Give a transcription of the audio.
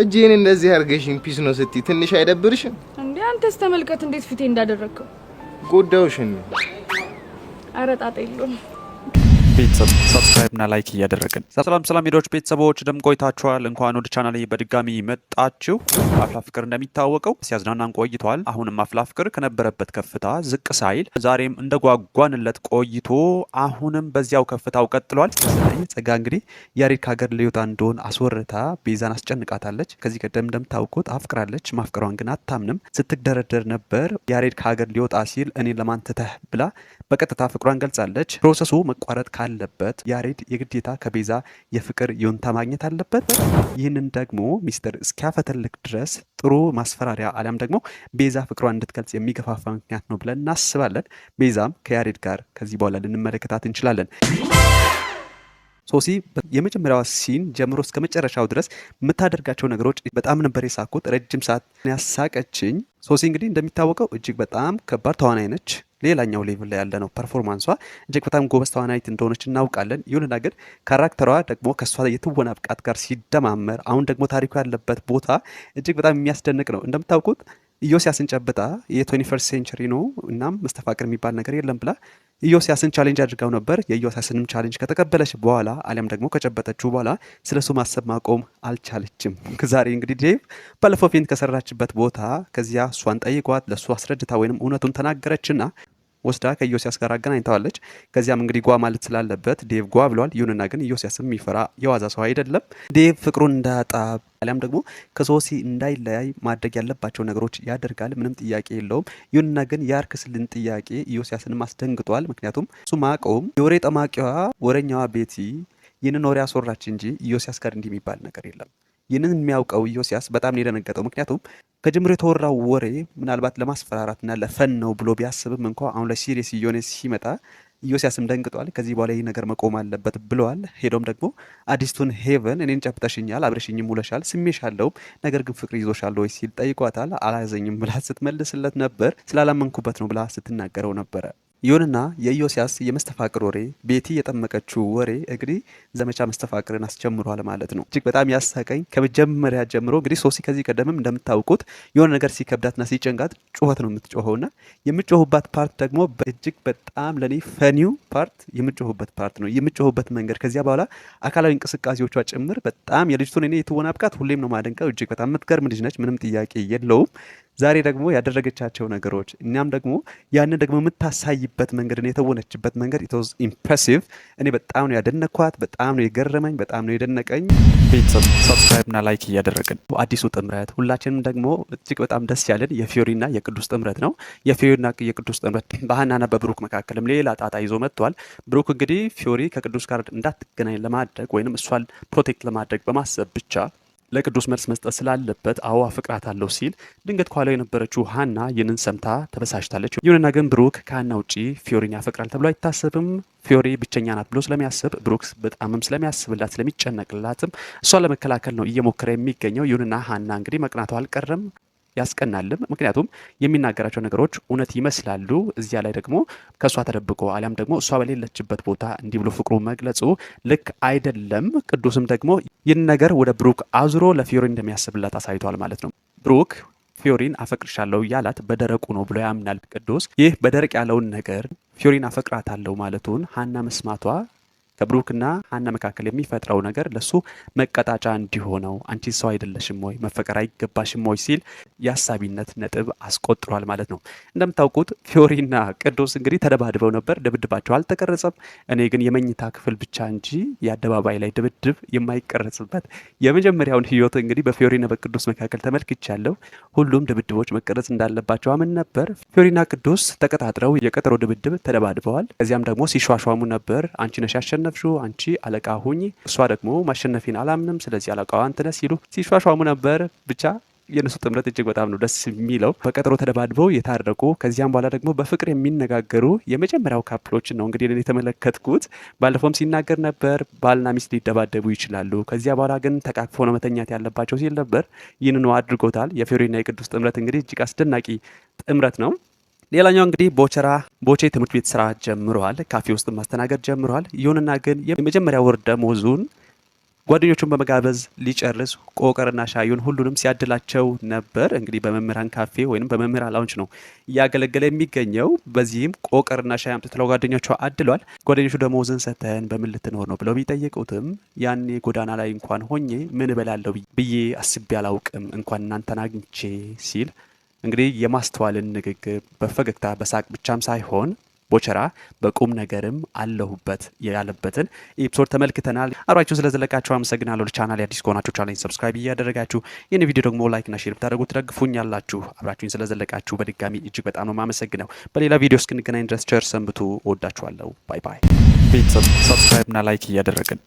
እጄን እንደዚህ አድርገሽኝ ፒስ ነው ስትይ ትንሽ አይደብርሽም እንዴ? አንተስ ተመልከት እንዴት ፊቴ እንዳደረግከው። ጎዳውሽን ነው። ኧረ ጣጣ የለውም። ቤተሰብ ሰብስክራይብ ና ላይክ እያደረግን ሰላም ሰላም ሄዶች ቤተሰቦች ደም ቆይታችኋል። እንኳን ወደ ቻናሌ በድጋሚ መጣችሁ። አፍላ ፍቅር እንደሚታወቀው ሲያዝናናን ቆይቷል። አሁንም አፍላ ፍቅር ከነበረበት ከፍታ ዝቅ ሳይል ዛሬም እንደጓጓንለት ቆይቶ አሁንም በዚያው ከፍታው ቀጥሏል። ጸጋ እንግዲህ ያሬድ ከሀገር ሊወጣ እንደሆን አስወርታ ቤዛን አስጨንቃታለች። ከዚህ ቀደም እንደምታውቁት አፍቅራለች። ማፍቀሯን ግን አታምንም። ስትደረደር ነበር። ያሬድ ከሀገር ሊወጣ ሲል እኔ ለማን ትተህ ብላ በቀጥታ ፍቅሯን ገልጻለች። ፕሮሰሱ መቋረጥ አለበት? ያሬድ የግዴታ ከቤዛ የፍቅር ይሁንታ ማግኘት አለበት? ይህንን ደግሞ ሚስጥር እስኪያፈተልክ ድረስ ጥሩ ማስፈራሪያ አሊያም ደግሞ ቤዛ ፍቅሯን እንድትገልጽ የሚገፋፋ ምክንያት ነው ብለን እናስባለን። ቤዛም ከያሬድ ጋር ከዚህ በኋላ ልንመለከታት እንችላለን። ሶሲ የመጀመሪያዋ ሲን ጀምሮ እስከ መጨረሻው ድረስ የምታደርጋቸው ነገሮች በጣም ነበር የሳኩት። ረጅም ሰዓት ያሳቀችኝ ሶሲ እንግዲህ እንደሚታወቀው እጅግ በጣም ከባድ ተዋናይ ነች። ሌላኛው ሌቭል ላይ ያለ ነው። ፐርፎርማንሷ እጅግ በጣም ጎበዝ ተዋናይት እንደሆነች እናውቃለን። ይሁንና ግን ካራክተሯ ደግሞ ከእሷ የትወና ብቃት ጋር ሲደማመር፣ አሁን ደግሞ ታሪኩ ያለበት ቦታ እጅግ በጣም የሚያስደንቅ ነው። እንደምታውቁት ኢዮስያስን ጨብጣ የትዌንቲ ፈርስት ሴንቸሪ ነው እናም መስተፋቅር የሚባል ነገር የለም ብላ ኢዮስያስን ቻሌንጅ አድርጋው ነበር። የኢዮስያስንም ቻሌንጅ ከተቀበለች በኋላ አሊያም ደግሞ ከጨበጠችው በኋላ ስለ እሱ ማሰብ ማቆም አልቻለችም። ዛሬ እንግዲህ ዴቭ ባለፈው ከሰራችበት ቦታ ከዚያ እሷን ጠይቋት ለእሱ አስረድታ ወይንም እውነቱን ተናገረችና ወስዳ ከኢዮስያስ ጋር አገናኝተዋለች። ከዚያም እንግዲህ ጓ ማለት ስላለበት ዴቭ ጓ ብለዋል። ይሁንና ግን ኢዮስያስ የሚፈራ የዋዛ ሰው አይደለም። ዴቭ ፍቅሩን እንዳያጣ አሊያም ደግሞ ከሶሲ እንዳይለያይ ማድረግ ያለባቸው ነገሮች ያደርጋል። ምንም ጥያቄ የለውም። ይሁንና ግን የአርክስልን ጥያቄ ኢዮሲያስንም አስደንግጧል። ምክንያቱም ሱማቀውም የወሬ ጠማቂዋ ወረኛዋ ቤቲ ይህንን ወሬ አስወራች እንጂ ኢዮስያስ ጋር እንዲህ የሚባል ነገር የለም። ይህንን የሚያውቀው ኢዮስያስ በጣም የደነገጠው። ምክንያቱም ከጀምሮ የተወራው ወሬ ምናልባት ለማስፈራራትና ለፈን ነው ብሎ ቢያስብም እንኳ አሁን ላይ ሲሪየስ እየሆነ ሲመጣ ኢዮስያስም ደንግጧል። ከዚህ በኋላ ይህ ነገር መቆም አለበት ብለዋል። ሄዶም ደግሞ አዲስቱን ሄቨን እኔን ጨብጠሽኛል፣ አብረሽኝም ውለሻል፣ ስሜሻለው ነገር ግን ፍቅር ይዞሻል ወይ ሲል ጠይቋታል። አላያዘኝም ብላ ስትመልስለት ነበር። ስላላመንኩበት ነው ብላ ስትናገረው ነበረ። ይሁንና የኢዮስያስ የመስተፋቅር ወሬ ቤቲ የጠመቀችው ወሬ እንግዲህ ዘመቻ መስተፋቅርን አስጀምሯል ማለት ነው። እጅግ በጣም ያሳቀኝ ከመጀመሪያ ጀምሮ እንግዲህ ሶሲ ከዚህ ቀደምም እንደምታውቁት የሆነ ነገር ሲከብዳትና ሲጨንጋት ጩኸት ነው የምትጮኸውና የምጮሁባት ፓርት ደግሞ እጅግ በጣም ለእኔ ፈኒው ፓርት የምጮሁበት ፓርት ነው የምጮሁበት መንገድ ከዚያ በኋላ አካላዊ እንቅስቃሴዎቿ ጭምር በጣም የልጅቱን እኔ የትወና ብቃት ሁሌም ነው ማደንቀው። እጅግ በጣም የምትገርም ልጅ ነች፣ ምንም ጥያቄ የለውም። ዛሬ ደግሞ ያደረገቻቸው ነገሮች እኛም ደግሞ ያንን ደግሞ የምታሳይበት መንገድ የተወነችበት መንገድ ኢትዝ ኢምፕሬሲቭ። እኔ በጣም ነው ያደነኳት፣ በጣም ነው የገረመኝ፣ በጣም ነው የደነቀኝ። ቤተሰብ ና ላይክ እያደረግን አዲሱ ጥምረት ሁላችንም ደግሞ እጅግ በጣም ደስ ያለን ና የቅዱስ ጥምረት ነው። ና የቅዱስ ጥምረት ና በብሩክ መካከልም ሌላ ጣጣ ይዞ መጥቷል። ብሩክ እንግዲህ ፊዮሪ ከቅዱስ ጋር እንዳትገናኝ ለማድረግ ወይም እሷን ፕሮቴክት ለማድረግ በማሰብ ብቻ ለቅዱስ መልስ መስጠት ስላለበት አዎ አፈቅራታለሁ ሲል ድንገት ከኋላው የነበረችው ሀና ይህንን ሰምታ ተበሳጭታለች። ይሁንና ግን ብሩክ ከሀና ውጪ ፊዮሪን ያፈቅራል ተብሎ አይታሰብም። ፊዮሪ ብቸኛ ናት ብሎ ስለሚያስብ ብሩክ በጣምም ስለሚያስብላት ስለሚጨነቅላትም እሷን ለመከላከል ነው እየሞከረ የሚገኘው። ይሁንና ሀና እንግዲህ መቅናቱ አልቀረም። ያስቀናልም። ምክንያቱም የሚናገራቸው ነገሮች እውነት ይመስላሉ። እዚያ ላይ ደግሞ ከእሷ ተደብቆ አሊያም ደግሞ እሷ በሌለችበት ቦታ እንዲህ ብሎ ፍቅሩ መግለጹ ልክ አይደለም። ቅዱስም ደግሞ ይህን ነገር ወደ ብሩክ አዙሮ ለፊዮሪ እንደሚያስብላት አሳይቷል ማለት ነው። ብሩክ ፊዮሪን አፈቅርሻለሁ እያላት በደረቁ ነው ብሎ ያምናል ቅዱስ። ይህ በደረቅ ያለውን ነገር ፊዮሪን አፈቅራታለሁ ማለቱን ሀና መስማቷ ከብሩክና ሀና መካከል የሚፈጥረው ነገር ለሱ መቀጣጫ እንዲሆነው አንቺ ሰው አይደለሽም ወይ መፈቀር አይገባሽም ወይ ሲል የአሳቢነት ነጥብ አስቆጥሯል ማለት ነው። እንደምታውቁት ፊዮሪና ቅዱስ እንግዲህ ተደባድበው ነበር። ድብድባቸው አልተቀረጸም። እኔ ግን የመኝታ ክፍል ብቻ እንጂ የአደባባይ ላይ ድብድብ የማይቀረጽበት የመጀመሪያውን ህይወት እንግዲህ በፊዮሪና በቅዱስ መካከል ተመልክቻለሁ። ሁሉም ድብድቦች መቀረጽ እንዳለባቸው አምን ነበር። ፊዮሪና ቅዱስ ተቀጣጥረው የቀጠሮ ድብድብ ተደባድበዋል። ከዚያም ደግሞ ሲሿሿሙ ነበር። አንቺ ነሽ ያሸነፍሽው፣ አንቺ አለቃ ሁኚ፣ እሷ ደግሞ ማሸነፊን አላምንም፣ ስለዚህ አለቃዋ አንተ ነህ ሲሉ ሲሿሿሙ ነበር ብቻ የእነሱ ጥምረት እጅግ በጣም ነው ደስ የሚለው። በቀጠሮ ተደባድበው የታረቁ ከዚያም በኋላ ደግሞ በፍቅር የሚነጋገሩ የመጀመሪያው ካፕሎችን ነው እንግዲህ የተመለከትኩት። ባለፈውም ሲናገር ነበር ባልና ሚስት ሊደባደቡ ይችላሉ፣ ከዚያ በኋላ ግን ተቃቅፎ ነው መተኛት ያለባቸው ሲል ነበር። ይህንኑ አድርጎታል። የፊዮሬና የቅዱስ ጥምረት እንግዲህ እጅግ አስደናቂ ጥምረት ነው። ሌላኛው እንግዲህ ቦቸራ ቦቼ ትምህርት ቤት ስራ ጀምረዋል፣ ካፌ ውስጥ ማስተናገድ ጀምረዋል። ይሁንና ግን የመጀመሪያ ወር ደሞዙን ጓደኞቹን በመጋበዝ ሊጨርስ ቆቀርና ሻዩን ሁሉንም ሲያድላቸው ነበር። እንግዲህ በመምህራን ካፌ ወይም በመምህራን ላውንች ነው እያገለገለ የሚገኘው። በዚህም ቆቀርና ሻይ አምጥተው ለጓደኞቹ አድሏል። ጓደኞቹ ደግሞ ደሞዝን ሰተን በምን ልትኖር ነው ብለው ቢጠየቁትም ያኔ ጎዳና ላይ እንኳን ሆኜ ምን እበላለሁ ብዬ አስቤ አላውቅም እንኳን እናንተን አግኝቼ ሲል እንግዲህ የማስተዋልን ንግግር በፈገግታ በሳቅ ብቻም ሳይሆን ቦቸራ በቁም ነገርም አለሁበት ያለበትን ኤፒሶድ ተመልክተናል። አብራችሁን ስለዘለቃችሁ አመሰግናለሁ። ቻናል አዲስ ከሆናችሁ ቻናል ሰብስክራይብ እያደረጋችሁ ይህን ቪዲዮ ደግሞ ላይክ ና ሼር ብታደርጉ ትደግፉኛላችሁ። አብራችሁኝ ስለዘለቃችሁ በድጋሚ እጅግ በጣም ነው ማመሰግነው። በሌላ ቪዲዮ እስክንገናኝ ድረስ ቸር ሰንብቱ። ወዳችኋለሁ። ባይ ባይ። ቤተሰብ ና ላይክ እያደረግን